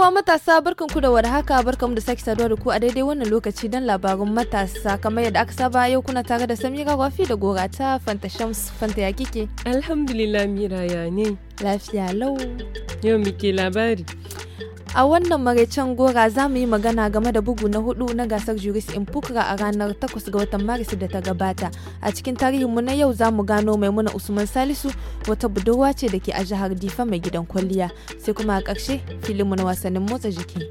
uwa matasa barkanku da warhaka barkanmu da sake saduwa da ku a daidai wannan lokaci don labarin matasa kamar yadda aka saba yau kuna tare da Samira Gwafi da Gora ta Fanta Shams Fanta ya kike. Alhamdulillah Mira ya ne. Lafiya lau. Yau muke labari. A wannan maraicen gora za mu yi magana game da bugu na hudu na gasar Juris in Impukra a ranar 8 ga watan Maris da ta gabata. A cikin tarihinmu na yau za mu gano Maimuna Usman Salisu wata budurwa ce da ke a jihar Difa mai gidan kwalliya. Sai kuma a karshe filinmu na wasannin motsa jiki.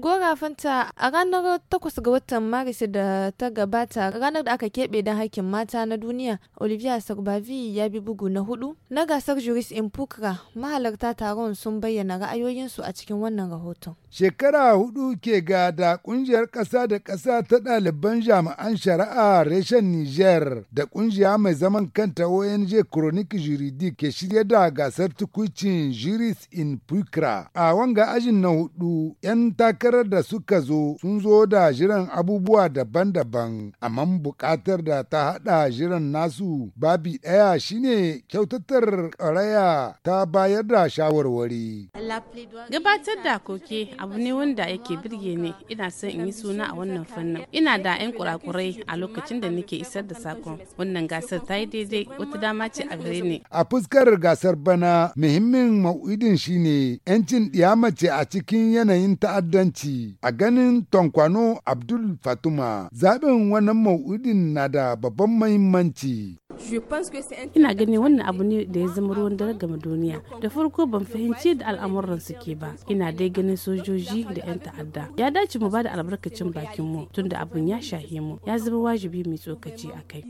Gora Fanta a ranar 8 ga watan Maris da ta gabata ranar da aka keɓe don haƙƙin mata na duniya Olivia Sarbavi ya bi bugu na hudu na gasar Juris in pukra mahalarta taron sun bayyana ra'ayoyinsu a cikin wannan rahoton. Shekara hudu ke ga da kungiyar ƙasa da ƙasa ta ɗaliban jami'an shari'a reshen Niger da kungiya mai zaman kanta ONG kronik Juridique ke shirya da gasar tukucin Juris in pukra a wanga ajin na hudu 'yan takar shekarar da suka zo sun zo da jiran abubuwa daban-daban, amma buƙatar da ta haɗa jiran nasu babi ɗaya shine kyautatar ƙaraya ta bayar da shawarwari. Gabatar da koke abu ne wanda yake birge ne ina son in yi suna a wannan fannin. Ina da 'yan kurakurai a lokacin da nake isar da sakon. Wannan gasar ta yi daidai wata dama ce a gare ni. A fuskar gasar bana muhimmin mau'idin shine 'yancin mace a cikin yanayin ta'addanci. A ganin Tonkwano Abdul Fatuma, zaɓin wannan mau'udin na da babban mahimmanci. Ina gani wannan abu ne da ya zama ruwan dare game duniya. Da farko ban fahimci da al'amuran ke ba. Ina dai ganin sojoji da 'yan ta'adda. Ya dace mu bada albarkacin bakin mu tunda abun ya shahe mu. Ya zama wajibi mai tsokaci a kai.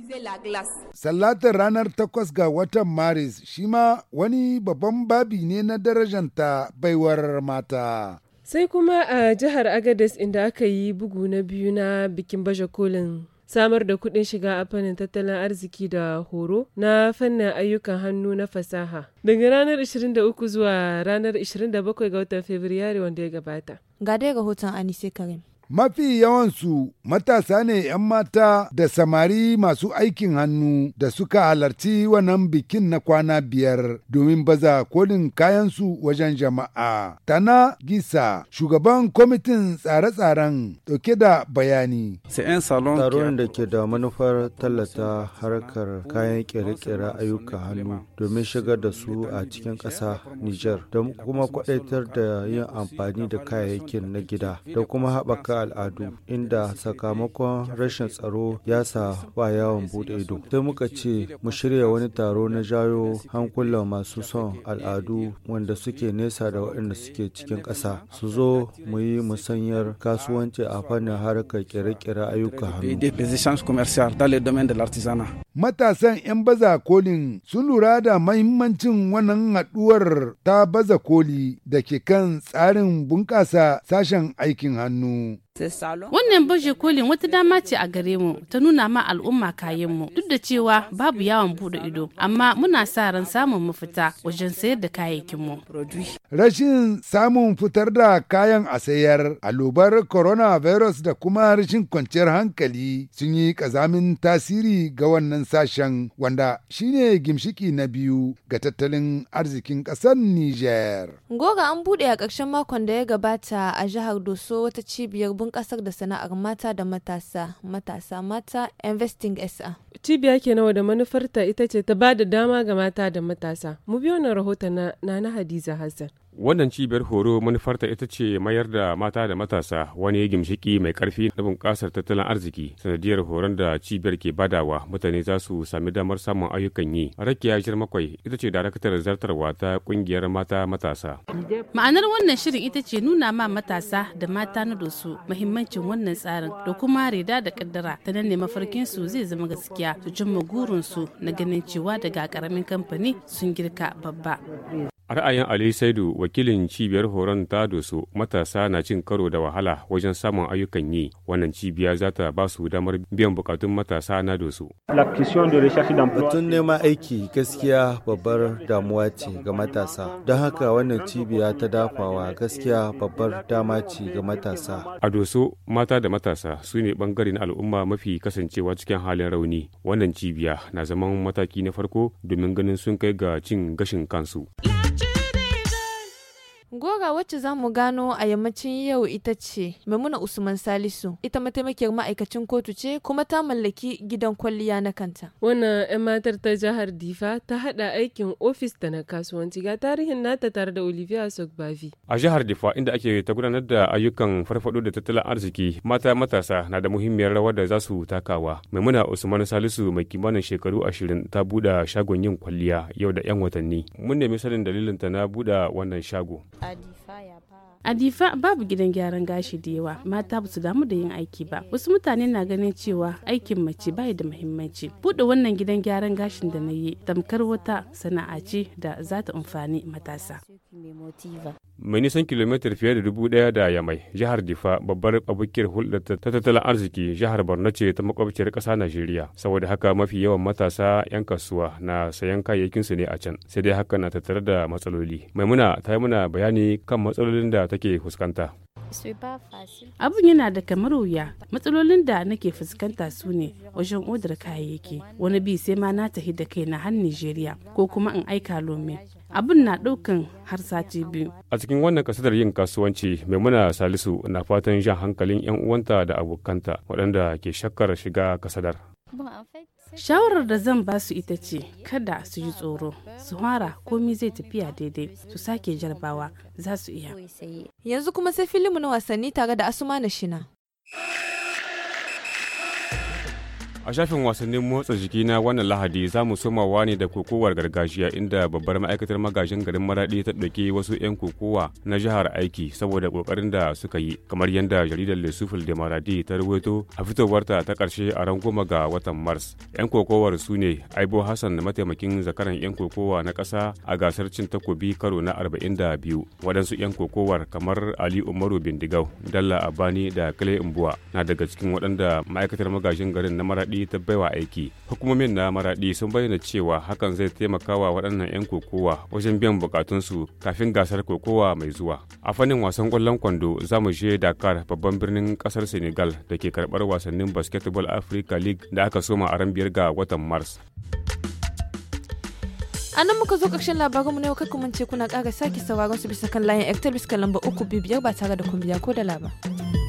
Sallatar ranar takwas ga watan Maris shi ma wani babban babi ne na darajanta baiwar mata. Sai kuma a jihar Agadez inda aka yi bugu na biyu na bikin baje kolin samar da kuɗin shiga a fannin tattalin arziki da horo na fannin ayyukan hannu na fasaha daga ranar 23 zuwa ranar 27 ga watan Fabrairu wanda ya gabata. Ga dai hoton Anise Karim. Mafi yawansu matasa ne 'yan mata da samari masu aikin hannu da suka halarci wannan bikin na kwana biyar domin baza kolin kayansu wajen jama'a. Tana Gisa, shugaban kwamitin tsare-tsaren dauke da bayani. Taron da ke da manufar tallata harkar kayan kere-kere ayyuka hannu domin shigar da su a cikin ƙasa Nijar, da kuma kwaɗaitar da yin amfani da kayayyakin na gida, da kuma haɓaka al'adu inda sakamakon rashin tsaro ya sa ba yawon bude ido sai muka ce mu shirya wani taro na jayo hankulan masu son al'adu wanda suke nesa da waɗanda suke cikin ƙasa su zo mu yi musanyar kasuwanci a fannin harkar kere-kere ayyuka hannu matasan 'yan baza kolin sun lura da mahimmancin wannan haɗuwar ta baza koli da ke kan tsarin bunƙasa sashen aikin hannu Wannan baje kolin wata dama ce a gare mu ta nuna ma al'umma kayan mu duk da cewa babu yawon bude ido amma muna sa ran samun mafita wajen sayar da kayayyakin mu. Rashin samun fitar da kayan a sayar alubar coronavirus da kuma rashin kwanciyar hankali sun yi kazamin tasiri ga wannan sashen wanda shine gimshiki na biyu ga tattalin arzikin ƙasar Niger. Goga an buɗe a ƙarshen makon da ya gabata a jihar Doso wata cibiyar bunƙasa shugaban kasar da sana'ar mata da matasa matasa mata investing sa cibiya ke nawa da manufarta ita ce ta ba da dama ga mata da matasa mu biyo na rahoton na na hadiza hassan Wannan cibiyar horo manufarta ita ce mayar da mata da matasa wani gimshiki mai karfi na bunƙasar tattalin arziki sanadiyar horon da cibiyar ke badawa mutane za su sami damar samun ayyukan yi. Rakiya shira Makwai ita ce daraktar zartarwa ta ƙungiyar mata matasa. Ma'anar wannan shirin ita ce nuna ma matasa da mata na dosu mahimmancin wannan tsarin da kuma reda da kaddara ta nan ne mafarkin su zai zama gaskiya su cimma gurin su na ganin cewa daga karamin kamfani sun girka babba. A ra'ayin Ali Saidu wakilin cibiyar horon ta doso matasa na cin karo da wahala wajen samun ayyukan yi wannan cibiya za ta ba su damar biyan bukatun matasa na doso. Batun neman aiki gaskiya babbar damuwa ce ga matasa don haka wannan cibiya ta dafawa gaskiya babbar dama ce ga matasa. A doso mata da matasa su ne na al'umma mafi kasancewa cikin halin rauni wannan cibiya na zaman mataki na farko domin ganin sun kai ga cin gashin kansu. Goga wacce za mu gano a yammacin yau ita ce Maimuna Usman Salisu, ita mataimakiyar ma'aikacin kotu ce kuma ta mallaki gidan kwalliya na kanta. Wannan 'yan matar ta jihar Difa ta hada aikin ofis da na kasuwanci ga tarihin nata tare da Olivia Sogbavi. A jihar Difa inda ake ta gudanar da ayyukan farfaɗo da tattalin arziki mata matasa na da muhimmiyar rawar da za su takawa. Maimuna Usman Salisu mai kimanin shekaru ashirin ta buɗe shagon yin kwalliya yau da 'yan watanni. Mun nemi sanin dalilin ta na buɗe wannan shago. A babu gidan gyaran gashi da yawa mata ba su damu da yin aiki ba wasu mutane na ganin cewa aikin mace bai da muhimmanci buɗe wannan gidan gyaran gashin da na yi tamkar wata sana'a ce da za ta amfani matasa. Motiva. Mai nisan kilomitar fiye da dubu ɗaya da Yamai, jihar Difa babbar abokiyar hulɗa ta tattalin arziki jihar Borno ce ta makwabciyar ƙasa Najeriya. Saboda haka mafi yawan matasa 'yan kasuwa na sayan kayayyakinsu ne a can, sai dai haka na tattare da matsaloli. Maimuna ta yi muna bayani kan matsalolin da take fuskanta. abun yana da kamar wuya. Matsalolin da nake fuskanta su ne wajen odar kayayyaki. Wani bi sai ma na tahi da kaina har Nijeriya ko kuma in aika lome abin na ɗaukan har sati biyu. A cikin wannan kasadar yin kasuwanci Maimuna Salisu na fatan jan hankalin 'yan uwanta da abokanta waɗanda ke shakkar shiga kasadar. Shawarar da zan ba su ita ce kada su yi tsoro, su hara komi zai tafiya daidai su sake jarbawa za su iya. Yanzu kuma sai filimu na wasanni tare da Asuma na Shina. A shafin wasannin motsa jiki na wannan Lahadi za mu somawa ne da kokowar gargajiya inda babbar ma'aikatar magajin garin Maradi ta ɗauki wasu 'yan kokowa na jihar aiki saboda ƙoƙarin da suka yi kamar yadda jaridar Lesufil da Maradi ta rubuto a fitowarta ta ƙarshe a ran goma ga watan Mars. 'Yan kokowar su ne Aibo Hassan da mataimakin zakaran 'yan kokowa na ƙasa a gasar cin takobi karo na arba'in da biyu Waɗansu 'yan kokowar kamar Ali Umaru Bindigau, Dalla Abani da Kale Mbuwa na daga cikin waɗanda ma'aikatar magajin garin na Maradi. yi ta baiwa aiki hukumomin na maradi sun bayyana cewa hakan zai taimaka wa waɗannan 'yan kokowa wajen biyan bukatunsu kafin gasar kokowa mai zuwa a fannin wasan kwallon kwando za mu je dakar babban birnin kasar senegal da ke karbar wasannin basketball africa league da aka soma a ran biyar ga watan mars a nan muka zo ƙarshen labarin mu na yau kai kuma ce kuna ƙara sake sauraron su bisa kan layin ectel bisa lamba uku biyu biyar ba tare da kumbiya ko da laba.